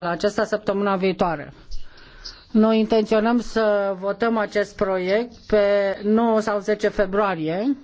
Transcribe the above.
acesta săptămâna viitoare. Noi intenționăm să votăm acest proiect pe 9 sau 10 februarie